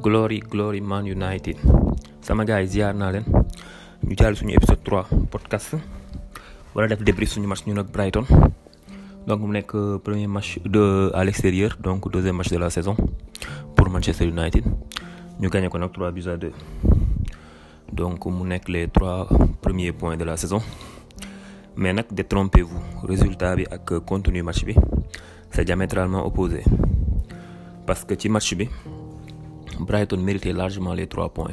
glory glory man united sama gars yi ziar naa leen ñu jàll suñu épisode 3 podcast wala def débrief suñu match ñun ak Brighton donc mu nekk euh, premier match de à l'extérieur donc deuxième match la saison pour Manchester United ñu gagné ko nag 3 buts à 2 donc mu nekk les trois premiers point de la saison mais nag détrompez-vous résultat bi ak euh, contenu match bi c'est diamétralement opposé parce que ci match bi Brighton méritait largement les trois points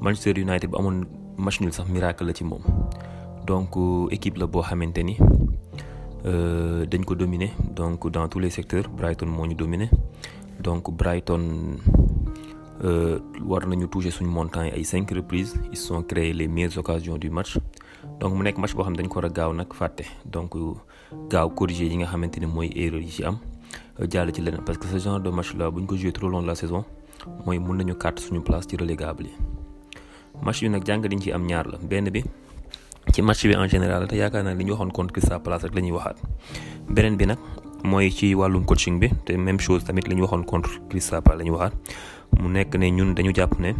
Manchester United bu amoon machine nul sax miracle la ci moom donc euh, équipe la boo xamante ni euh, dañ ko dominer donc dans tous les secteurs Brighton moo ñu dominer donc Brighton euh, war nañu toucher suñu montant ay cinq reprises ils sont les meilleures occasions du match donc mu nekk match boo xam ne dañ ko war a gaaw nag fàtte donc gaaw corriger yi nga xamante ni mooy erreur yi ci am jàll ci leneen parce que ce genre de match là bu la saison. mooy mun nañu carte suñu place ci relégable yi match yu nag jàng liñ ci am ñaar la benn bi ci match bi en général te yaakaar naa li ñu waxoon contre Crystal Palace rek la waxaat beneen bi nag mooy ci wàllum coaching bi te même chose tamit li ñu waxoon contre Crystal Palace la ñuy waxaat mu nekk ne ñun dañu jàpp ne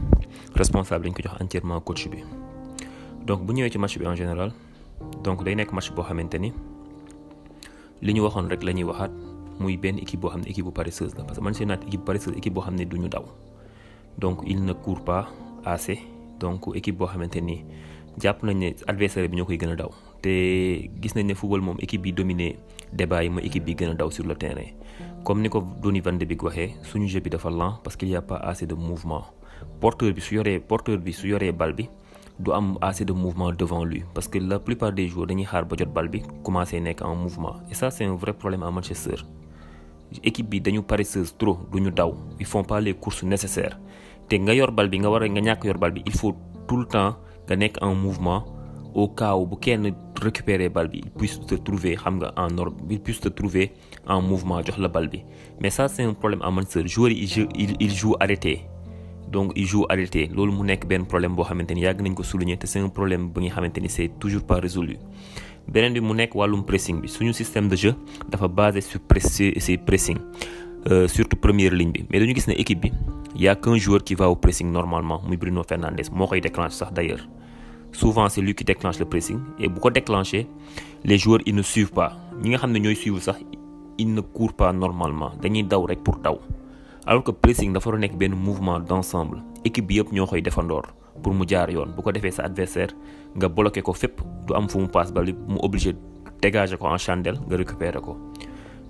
responsable dañ ko jox entièrement coach bi donc bu ñëwee ci match bi en général donc day nekk match boo xamante ni li ñu waxoon rek la ñuy waxaat. muy benn équipe boo xam ne équipe bu paresseuse la parce que Manchester United équipe paresseuse équipe boo xam ne du daw donc il ne court pas assez donc équipe boo xamante ni jàpp nañ ne adversaire bi ñoo koy gën a daw te gis nañ ne football moom équipe bi dominé débat mooy équipe bi gën a daw sur le terrain comme ni ko Donny van de Beek waxee suñu jeu bi dafa lent parce que y a pas assez de mouvement porteur bi su yoree porteur bi su yoree bal bi du am assez de mouvement devant lui parce que la plupart des joueurs dañuy xaar ba jot équipe bi dañu paresseuse trop du ñu daw il faut pas les nécessaire te nga yor bal bi nga war nga ñàkk yor bal bi il faut tout le temps nga nekk en mouvement au cas bu kenn récupérer bal bi il puisse te trouver xam nga en ordre il puisse te trouver en mouvement jox la bal bi mais ça c'est un problème à Manchester joueur yi il joue arrêté donc il joue arrêté loolu mu nekk benn problème boo xamante ni yàgg nañ ko souligner te c'est un problème bi nga xamante ni c'est toujours pas résolu beneen bi mu nekk wàllum pressing bi suñu système de jeu dafa basé sur si pressing euh, surtout première ligne bi mais dañu gis ne équipe bi y a qu'un joueur qui va au pressing normalement muy Bruno Fernandes moo koy déclenche sax d'ailleurs souvent c'est lui qui déclenche le pressing et bu ko déclenché les joueurs ils ne suivent pas ñi nga xam ne ñooy suivre sax ils ne courent pas normalement dañuy daw rek pour daw alors que pressing dafa doon nekk benn mouvement d'ensemble équipe bi yëpp ñoo koy defandoor pour mu jaar yoon bu ko defee sa adversaire nga bloqué ko fépp du am fu mu paas bali mu obligé dégager ko en chandelle nga récupérer ko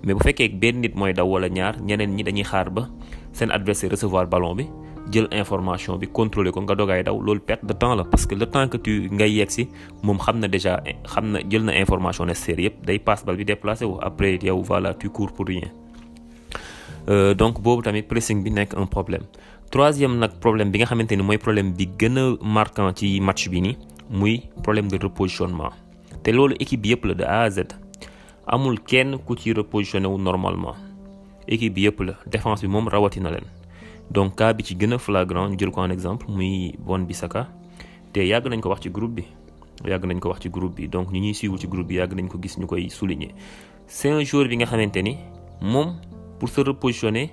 mais bu fekkee benn nit mooy daw wala ñaar ñeneen ñi dañuy xaar ba seen adversaire recevoir ballon bi jël information bi contrôler ko nga dogaay daw loolu perte de temps la parce que le temps que tu ngay yegg si moom xam na déjà xam na jël na information nécessaire yëpp day paas bal bi déplacé wu après yow voilà tu pour rien euh, donc boobu tamit pressing bi nekk un problème troisième nag problème bi nga xamante ni mooy problème bi gën a marquant ci match bi ni muy problème de repositionnement te loolu équipe bi yëpp la de A amul kenn ku ci repositionné wu normalement équipe bi yëpp la défense bi moom rawatina leen donc cas bi ci gën a flagrant ñu jël ko en exemple muy Wan-Bissaka te yàgg nañ ko wax ci groupe bi yàgg nañ ko wax ci groupe bi donc ñu ñuy suivre ci groupe bi yàgg nañ ko gis ñu koy souligner c'est un joueur bi nga xamante ni moom pour se repositionner.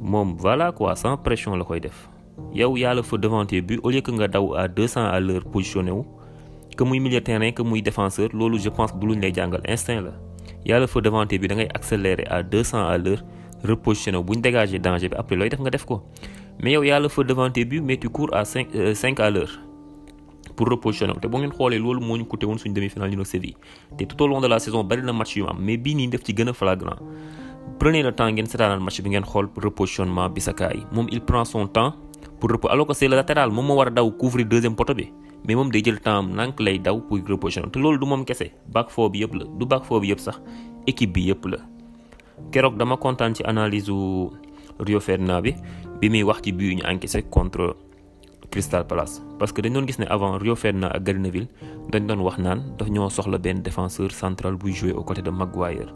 moom voilà quoi sans pression la koy def yow yàlla la fa devanté bi au lieu que nga daw à 200 à l'heure positionné wu que muy milieu terrain que muy défenseur loolu je pense du ñu lay jàngal instinct la yaa la fa devanté bi da ngay accélérer à 200 à l'heure repositionné wu bu ñu dégagé danger bi après looy def nga def ko mais yow yaa la fa devanté bi mais tu cours à 5 5 euh, à l'heure pour repositionner te boo ngeen xoolee loolu moo ñu coûté woon suñu demi-finale ñu ne Séville te tout au long de la saison bari na gën a flagrant prenez le temps ngeen seetaanal match bi ngeen xool repositionnement Bissaka yi moom il prend son temps pour repos alors que c'est moom moo war a daw couvrir deuxième poteau bi mais moom day jël temps am nank lay daw pour repositionner te loolu du moom kese back four bi yëpp la du back four bi yëpp sax équipe bi yëpp la keroog dama kontaan ci analyse u Rio Ferdinand bi bi muy wax ci bii ñu encaissé contre Crystal Palace parce que dañ doon gis ne avant Rio Ferdinand ak Garnaville dañ doon wax naan daf ñoo soxla benn défenseur central buy jouer aux côtés de Maguire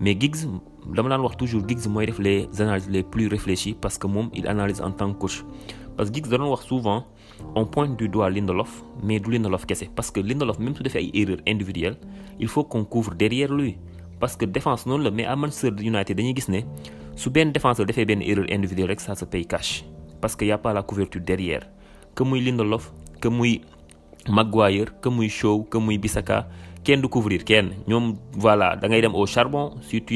mais Giggs dama daan wax toujours Giggs mooy def les analyses les plus réfléchies parce que moom il analyse en tant que coach parce que Giggs da doon wax souvent on pointe du doigt Lindelof mais du Lindelof kese parce que Lindelof même su defee ay erreurs individuelles il faut qu'on couvre derrière lui parce que défense noonu la mais à Manchester United dañuy gis ne su benn défenseur defee benn erreur individuelle rek ça se paye cash parce que y a pas la couverture derrière que muy Lindelof que muy Maguire que muy Shaw que muy Bissaka kenn du couvrir kenn ñoom voilà da ngay dem au charbon si tu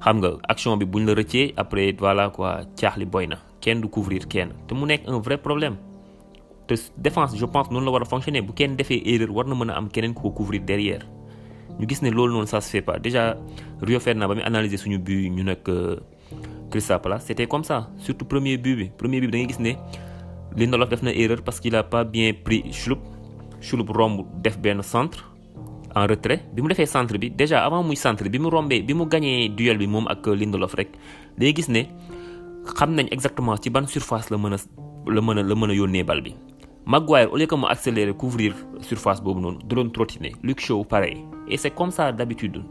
xam nga action bi bu ñu la rëccee après voilà quoi caaxli boy na kenn du couvrir kenn te mu nekk un vrai problème te défense je pense noonu la war a fonctionner bu kenn defee erreur war na mën a am keneen ku ko couvrir derrière ñu gis ne loolu noonu ça se fait pas déjà Rio Ferdinand ba muy analyser suñu but ñu nekk Crystal Palace c'était comme ça surtout premier but bi premier but bi da ngay gis ne Lindelof def na erreur parce qu'il a pas bien pris Schlupp Schlupp romb def benn centre en retrait bi mu defee centre bi déjà avant muy centre bi mu rombee bi mu gañee duel bi moom ak Lindelof rek day gis ne xam nañ exactement ci ban surface la mën a la mën a la mën a yónnee bal bi Maguire au lieu que mu accélérer couvrir surface boobu noonu da doon trottiner Luke Shaw et c' est comme ça d' habitude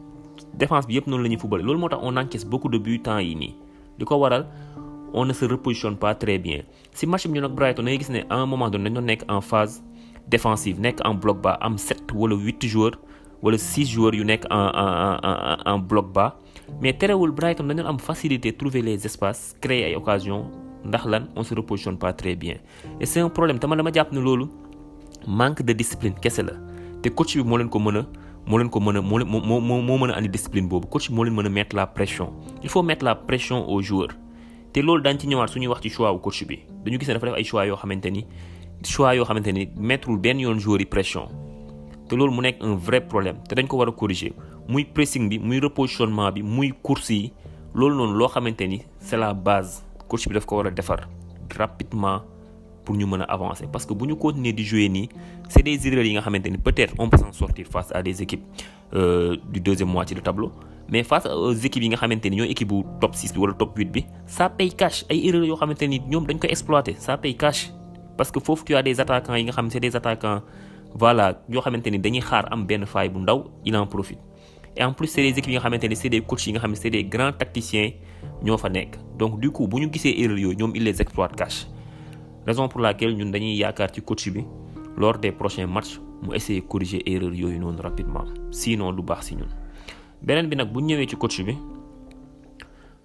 défense bi yëpp noonu la ñuy footballé loolu moo tax on encaisse beaucoup de buts temps yi nii li ko waral on ne se repositionne pas très bien si match bi nekk en phase défensive nekk en bloc bas am 7 wala 8 joueurs wala six joueurs yu nekk en en en en bloc bas mais terewul Brighton dañu am facilité trouver les espaces créer ay occasions ndax lan on se repositionne pas très bien et c'est un problème tamit dama jàpp ne loolu manque de discipline kese la te coach bi moo leen ko mën a moo leen ko mën a moo moo moo moo mën a andi discipline boobu coach bi moo leen mën mettre la pression il faut mettre la pression aux joueurs te loolu daañu ci ñëwaat suñuy wax ci choix wu coach bi dañu gis ne dafa yoo xamante ni choix yoo xamante ni mettrewul benn yoon joueur pression. te loolu mu nekk un vrai problème te dañ ko war a corriger muy pressing bi muy repositionnement bi muy course yi loolu noonu loo xamante ni c'est la base coach bi daf ko war a defar rapidement pour ñu mën a avancer parce que bu ñu continuer di jouer nii c'est des erreurs yi nga xamante ni peut-être on peut s'en sortir face à des équipes euh, du deuxième moitié de tableau mais face aux équipes yi nga xamante ni ñooy équipe bu top 6 bi wala top bi ça paye ni ñoom dañ koy exploiter ça paye cash parce voilà yoo xamante ni dañuy xaar am benn faille bu ndaw il en profite et en plus c'est des équipes nga xamante ni c'est des yi nga xam ne c'est des grands tacticiens ñoo fa nekk donc du coup bu ñu gisee erreur yooyu ñoom il les exploite cash raison pour laquelle ñun dañuy yaakaar ci coach bi lors des prochains matchs mu essayer corriger erreur yooyu noonu rapidement sinon du baax si ñun beneen bi nag bu ñëwee ci coach bi.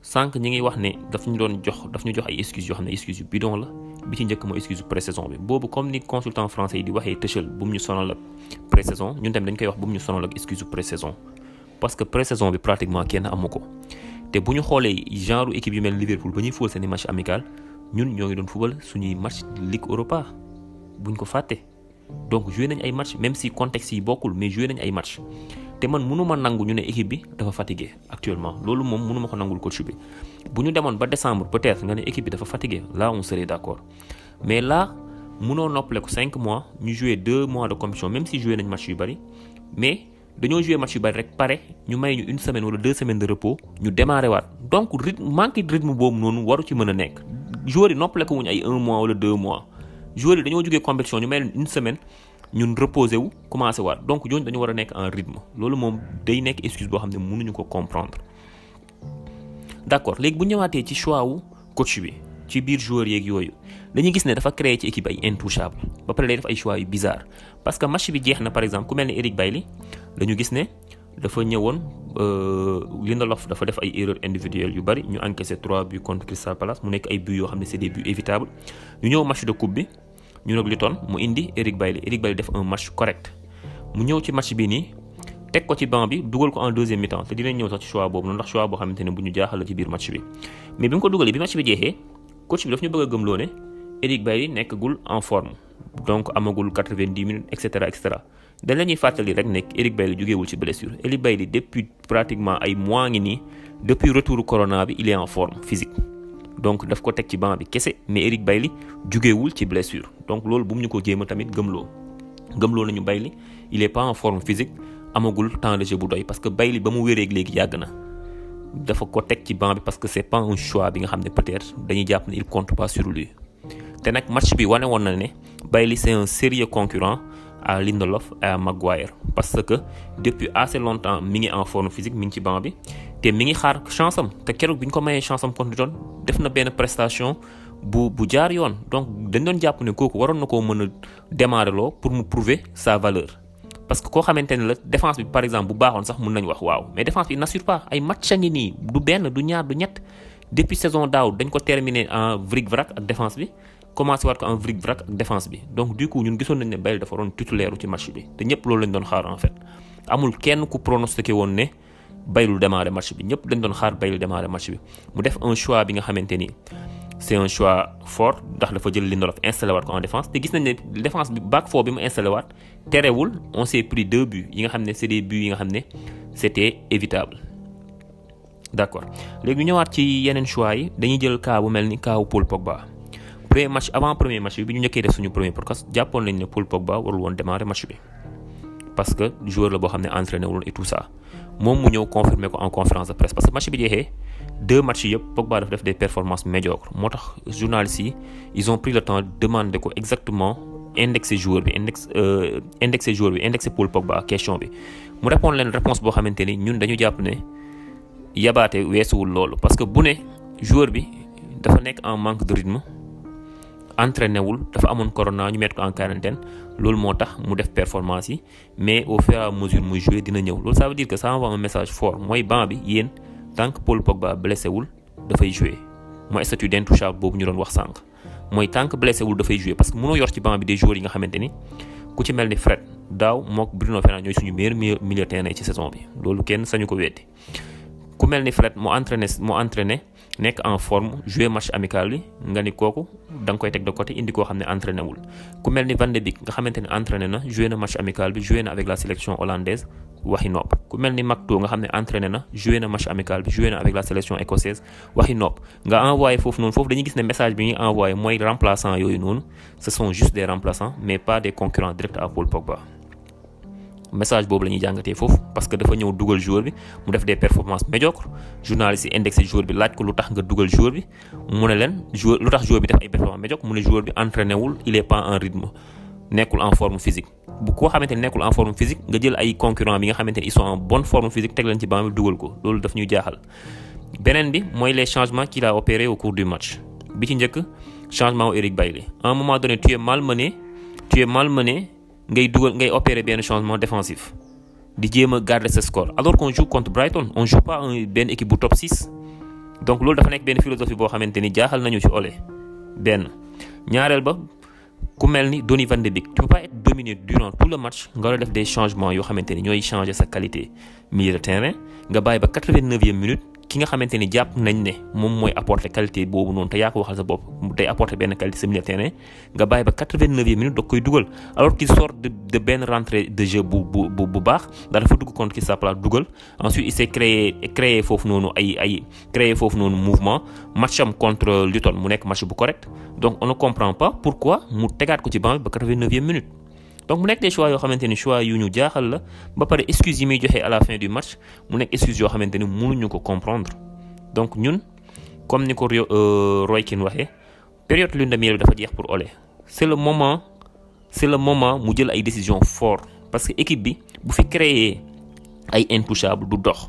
sànq ñi ngi wax ne daf ñu doon jox daf ñu jox ay excuse yoo xam ne excuse yu bidon la bi ci njëkk moo excuse yu saison bi boobu comme ni consultant français yi di waxee tëchal bu mu ñu sonal ak pré-saison ñun tamit dañ koy wax bu mu ñu sonal ak excuse yu saison parce que pré-saison bi pratiquement kenn amu ko te bu ñu xoolee genre équipe yu mel Liverpool ba ñuy fóol seeni match amical ñun ñoo ngi doon fubal suñuy match Ligue Europa ko fàtte. donc joué nañ ay match même si contexte yi bokkul mais joué nañ ay match te man mënuma nangu ñu ne équipe bi dafa fatigué actuellement loolu moom mënuma ko nangul coach bi bu ñu demoon ba décembre peut-être nga ne équipe bi dafa fatigué là on serait d'accord mais là mënoo noppale ko 5 mois ñu joué 2 mois de compétition même si joué nañ match yu bari mais dañoo joué match yu bari rek pare ñu may ñu une semaine wala deux semaines de repos ñu démarré waat donc rythme manque de boobu noonu waru ci mën a nekk joueurs noppale ko wuñ ay 1 mois mois. joueurs yi dañoo jógee compétition ñu mel une semaine ñun reposé wu commencé waat donc ñooñu dañu war a nekk en rythme loolu moom day nekk excuse boo xam ne mënuñu ko comprendre d'accord léegi bu ñëwaatee ci choix wu coach bi ci biir joueurs yeeg yooyu dañuy gis ne dafa créer ci équipe ay intouchable ba pare lay def ay choix yu parce que match bi jeex na par exemple ku mel ni Eric Bailly dañu gis ne dafa ñëwoon euh, Lindelof dafa def ay erreurs individuelles yu bari ñu encaissé 3 buts contre mu nekk ay buts yoo xam ne c'est des buts ñëw match de coupe bi. ñu nag Luton mu indi Eric Bailly Eric Bailly def un match correct mu ñëw ci match bii nii teg ko ci banc bi dugal ko en deuxième mi te dinañ ñëw sax ci choix boobu noonu ndax choix boo xamante ne bu ñu jaaxal la ci biir match bi mais bi mu ko dugalee bi match bi jeexee coach bi daf ñu bëgg a gëmloo ne Eric Bailly nekkagul en forme donc amagul 90 minutes et cetera et cetera dañ la ñuy fàttali rek nekk Eric Bailly jógeewul ci blessure Eric Bailly depuis pratiquement ay mois ngi nii depuis retour corona bi il est en donc daf ko teg ci banc bi kese mais Eric Bailly jugewul ci blessure donc loolu bu mu ñu ko jéem a tamit gëmloo gëmloo nañu Bailly il est pas en forme physique amagul temps de bu doy parce que Bailly ba mu wéreeg léegi yàgg na dafa ko teg ci banc bi parce que c'est pas un choix bi nga xam ne peut-être dañuy jàpp ne il compte pas sur lui te nag match bi wane woon na ne Bailly c'est un sérieux concurrent à Lindelof à Maguire parce que depuis assez longtemps mi ngi en forme physique mi ngi ci banc bi te mi ngi xaar chance am te keroog bi ñu ko mayee chance am contre doon def na benn prestation bu bu jaar yoon donc dañ doon jàpp ne kooku waroon na koo mën a démarrer loo pour mu prouver sa valeur. parce que koo xamante ne la défense bi par exemple bu baaxoon sax mun nañu wax waaw mais défense bi n'assure pas ay match a ngi nii du benn du ñaar du ñett depuis saison daaw dañ ko terminer en vric-vrac ak défense bi. commencé waat ko en vric-vrac ak défense bi donc du coup ñun gisoon nañ ne Bale lañ doon kenn ku pronostiqué woon ne. bayrul démarrer match bi ñëpp dañ doon xaar bayrul démarrer match bi mu def un choix bi nga xamante ni c' est un choix fort ndax dafa jël Lindelof installé waat ko en défense te gis nañ ne défense bi back four bi mu installé waat terewul on s' est pris deux yi nga xam ne c' est des buts nga xam ne c' était évitable d' accord léegi ñu ñëwaat ci yeneen choix yi dañuy jël cas mel ni cas wu Paul Pogba premier match avant premier match bi ñu njëkkee def suñu premier podcast jàppoon nañ ne Paul Pogba parce que joueur la boo xam ne entraîné wul et tout ça moom mu ñëw confirmer ko en conférence de presse parce que match bi jeexee deux matchs yëpp Pogba dafa def des performances médiocres moo tax journalistes yi ils ont pris le temps demander ko exactement indexé joueur bi index euh, indexé joueur bi indexé Paul Pogba question bi mu répondre leen réponse boo xamante ni ñun dañu jàpp ne yabaate weesuwul loolu parce que bu ne joueur bi dafa nekk en manque de rythme entraîné dafa amoon corona ñu mettre ko en loolu moo tax mu def performance yi mais au fur et à mesure muy joué dina ñëw loolu ça veut dire que ça envoie un message fort mooy banc bi yéen tant que Paul Pogba blessé wul dafay joué mooy statut d'intouchable boobu ñu doon wax sànq mooy tant que blessé wul dafay joué parce que mënoo yor ci banc bi de joueurs yi nga xamante ni ku ci mel ni Fred daaw mook Bruno Fernandes ñooy suñu meilleur milieu terrain ci saison bi loolu kenn sañu ko weddi ku mel ni Fred mu entraîné mu entraîné nekk en forme jouer match amical bi nga ni kooku da koy teg de côté indi koo xam ne entraîné wul ku mel ni Van de nga xamante ne entraîné na joué na match amical bi joué na avec la sélection hollandaise waxi nopp ku mel ni Macto nga xam ne entraîné na joué na match amical bi joué na avec la sélection écossaise waxi nopp nga envoyé foofu noonu foofu dañuy gis ne message bi ñuy envoyé mooy remplaçant yooyu noonu ce sont juste des message boobu la ñuy jàngatee foofu parce que dafa ñëw dugal joueur bi mu def des performances médiocres journaliste yi indexé joueur bi laaj ko lu tax nga dugal joueur bi mu ne leen joueur lu tax joueur bi def ay performances médiocres mu ne joueur bi entraîné wul il est pas en rythme nekkul en forme physique. bu koo xamante ne nekkul en forme physique nga jël ay concurrents bi nga xamante ne ils sont en bonne forme physique teg leen ci banc bi dugal ko loolu daf ñuy jaaxal beneen bi mooy les changements qu'il a opérés au cours du match ci njëkk changement wu Eric Bailly à un moment donné tu es ngay dugal ngay opérer benn changement défensif di jéem a garder sa score alors qu'on joue contre Brighton on joue pas benn équipe bu top 6 donc loolu dafa nekk benn philosophie boo xamante ni jaaxal nañu ci Ole benn ñaareel ba ku mel ni Donny van de Beek tu peux pas durant tout le match nga war a def des changements yoo xamante ni ñooy changer sa qualité milieu de terrain nga bàyyi ba 89e minute ki nga xamante ni jàpp nañ ne moom mooy apporter qualité boobu noonu te yaa ko waxal sa bopp day apporter benn qualité sa milieu terrain nga bàyyi ba quatre-vingt-neuvième minute doog koy dugal alors qu'il sort de de benn rentrée de jeu bu bu bu bu baax ndax dafa dugg contre Cristapal dugal ensuite il s'est créé créé foofu noonu ay ay créé foofu noonu mouvement match am contre Luton mu nekk match bu correct donc on ne comprend pas pourquoi mu tegaat ko ci banc ba quatre-vingt-neuvième donc mu nekk des choix yoo xamante ni yu ñu jaaxal la ba pare excuse yi muy joxe à la fin du match mu nekk excuse yoo xamante ni mënuñu ko comprendre donc ñun comme ni ko euh, Roy Keane waxee période lune de miel dafa jeex pour Ole c' est le moment c' est le moment mu jël ay décision fort parce que équipe bi bu fi créer ay intouchable du dox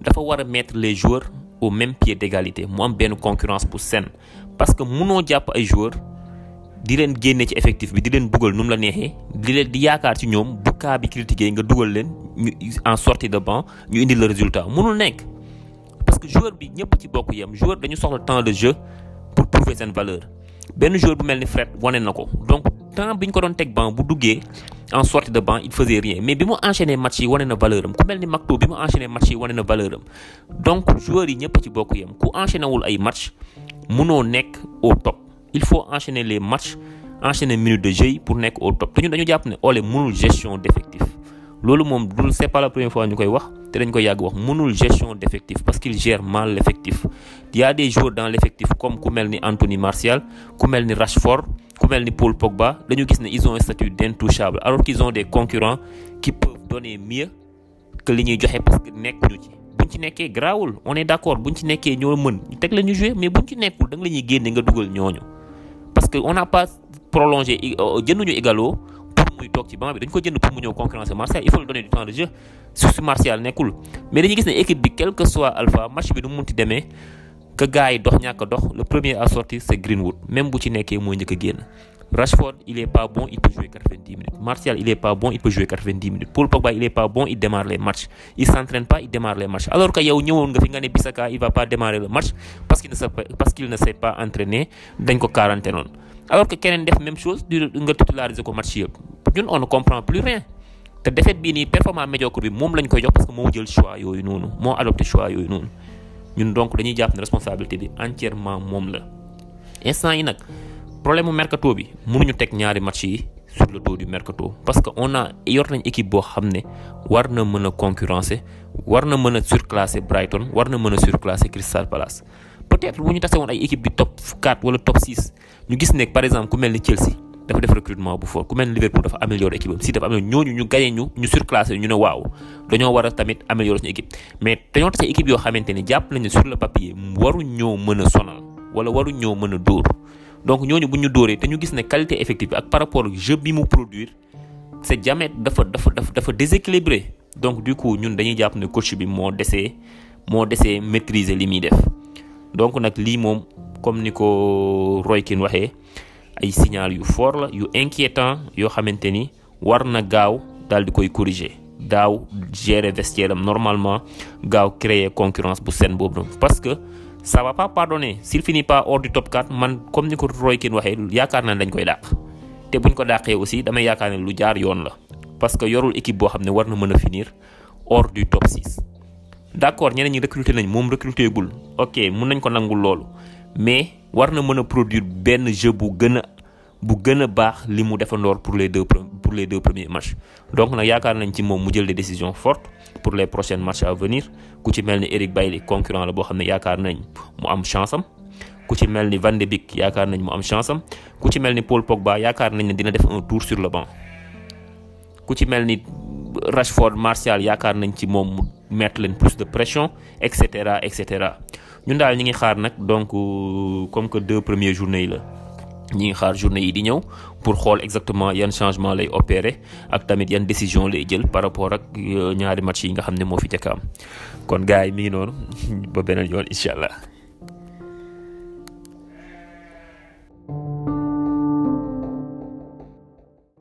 dafa war a mettre les joueurs au même pied d'égalité mu am benn concurrence pour seen parce que noo jàpp ay joueurs di leen génne ci effectif bi di leen dugal nu mu la neexee di leen di yaakaar ci ñoom bu cas bi critiqué nga dugal leen ñu en sortie de banc ñu indi le résultat mënul nekk. parce que joueur bi ñëpp ci bokk yem joueur dañu soxla temps de jeu pour prouver seen valeur benn joueur bu mel ni Fred wane na ko donc temps bi ñu ko doon teg banc bu duggee en sortie de banc il faisait rien mais bi mu enchaîné match yi wane na valeur am ku mel ni Macto bi mu enchaîné match yi wane na yi ñëpp ci bokk yem ku enchaîné wul ay match mënoo nekk au top. il faut enchaîner les matchs enchaîner minutes de jeu pour nekk au top te ñun dañu jàpp ne Ole mënul gestion d'effectif loolu moom dul c'est la première fois ñu koy wax te dañ koy yàgg wax mënul gestion d'effectif parce qu'il gère mal l'effectif il y a des joueurs dans l'effectif comme ku mel ni Anthony Martial ku mel ni Rashford ku mel ni Paul Pogba dañu gis ne ils ont un statut d'intouchable alors qu'ils ont des concurrents qui peuvent donner mieux que li ñuy joxe parce que nekkuñu ci buñ ci nekkee garaawul on est d'accord buñ ci nekkee ñoo mën teg la mais buñ nekkul da la ñuy génne nga dugal ñooñu parce que on n'a pas prolongé euh, jënduñu Igalo pour muy toog ci banc bi dañ ko jënd pour mu ñëw concurrencer Martial il faut lui donner du temps de jeu su su Martial nekkul mais dañuy gis ne équipe bi quel que soit alpha match bi nu mu munti demee que gars yi dox ñàkk dox le premier à sortir c'est Greenwood même bu ci nekkee mooy njëkk a génn. Rashford, il n'est pas bon, il peut jouer 90 minutes. Martial, il n'est pas bon, il peut jouer minutes. Paul Pogba, il n'est pas bon, il démarre les Il ne pas, il démarre les Alors que Yao Nyon, Bissaka, il ne va pas démarrer le match parce qu'il ne sait pas, parce qu'il ne sait Alors que Kenen def même chose, il titularise le match. Nous, on comprend plus rien. te défaite bii nii performance médiocre bi moom lañ koy jox parce que moo jël choix yooyu noonu moo adopté choix yooyu noonu ñun donc yi problème mu mercato bi ñu teg ñaari match yi sur le dos du mercato parce que on a yor nañ équipe boo xam ne war na mën a concurrencer war na mën a surclasser Brighton war na mën a surclasser Crystal Palace. peut-être bu ñu tase woon ay équipe bi top 4 wala top 6 ñu gis ne par exemple ku mel ni Chelsea dafa def recrutement bu fort ku mel ni Liverpool dafa améliorer équipe am si dafa améliorer ñooñu ñu gagné ñu ñu surclassé ñu ne waaw dañoo war a tamit améliorer suñu équipe mais dañoo tase équipe yoo xamante ne jàpp nañu sur le papier waru ñoo mën a sonal wala waru ñoo mën a dóor. donc ñooñu bu ñu dóoree te ñu gis ne qualité effective bi ak par rapport jeu bi mu produire c'est jamais dafa dafa dafa dafa déséquilibré donc du coup ñun dañuy jàpp ne coach bi moo desee moo desee maîtriser li muy def donc nag lii moom comme ni ko Roy Keane waxee ay signal yu foor la yu inquiétant yoo xamante ni war na gaaw daal di koy corriger daaw gérer vestiaire am normalement gaaw créer concurrence bu seen boobu parce que ça va pas pardonner s'il finit pas hors top 4 man comme ni ko Roy Keane waxee yaakaar naa ne dañ koy dàq te buñ ko dàqee aussi damay yaakaar ne lu jaar yoon la parce que yorul équipe boo xam ne war na mën a finir hors du top 6. d' accord ñeneen ñi recruter nañ moom recruter gul ok mun nañ ko nangul loolu mais war na mën a produire benn jeu bu gën a bu gën a baax li mu defandoor pour les deux pour les deux premiers matchs donc nag yaakaar nañ ci moom mu jël des décisions fortes pour les prochains matchs à venir ku ci mel ni Eric Bailly concurrent la boo xam ne yaakaar nañ mu am chance am ku ci mel ni Van de Beek yaakaar nañ mu am chance am ku ci mel ni Paul Pogba yaakaar nañ ne dina def un tour sur le banc ku ci mel ni Rashford Martial yaakaar nañ ci moom mu mettre leen plus de pression et cetera et cetera ñun daal ñu ngi xaar nag donc euh, comme que deux premières journées yi la. ñi ngi xaar journée yi di ñëw pour xool exactement yan changement lay opérer ak tamit yan décision lay jël par rapport ak euh, ñaari match yi nga xam ne moo fi jëkk am kon gars yi mi ngi noonu ba beneen yoon incha allah.